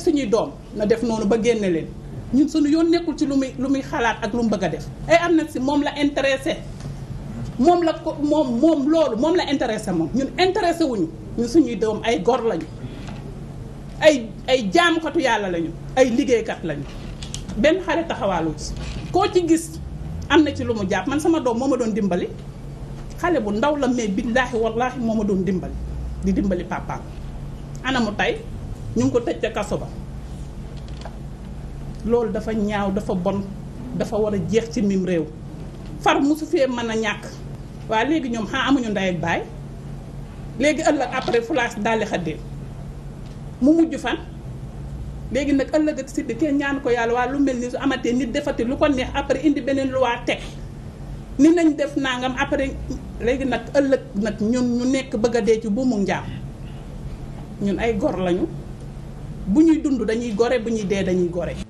suñuy doom na def noonu ba génne leen ñun suñu yoon nekkul ci lu muy lu muy xalaat ak lu mu bëgg a def ay eh, am na si moom la intéressé moom la ko moom moom loolu moom la intéressé moom ñun intéressé wuñu ñun suñuy doom ay gor lañu ay ay jaamukatu yàlla lañu ay liggéeykat lañu benn xale taxawaalu ci koo ci gis am na ci lu mu jàpp man sama doom moom a doon dimbali xale bu ndaw la mais billaahi wallaahi moom ma doon dimbali di dimbali papaam ana mu tey ñu ngi ko tëj ca kaso ba loolu dafa ñaaw dafa bon dafa war a jeex ci mim réew far musu fee mën a ñàkk waaye léegi ñoom xaa amuñu ndey ak baay léegi ëllëg après flash daldi xaddee mu mujj fan léegi nag ëllëg ak siddi kenn ñaan ko yàlla waa lu mel ni su amatee nit defatee lu ko neex après indi beneen loi teg ni nañ def nangam après léegi nag ëllëg nag ñun ñu nekk bëgg a dee ci bu mu njaam ñun ay gor lañu bu ñuy dund dañuy gore bu ñuy dee dañuy gore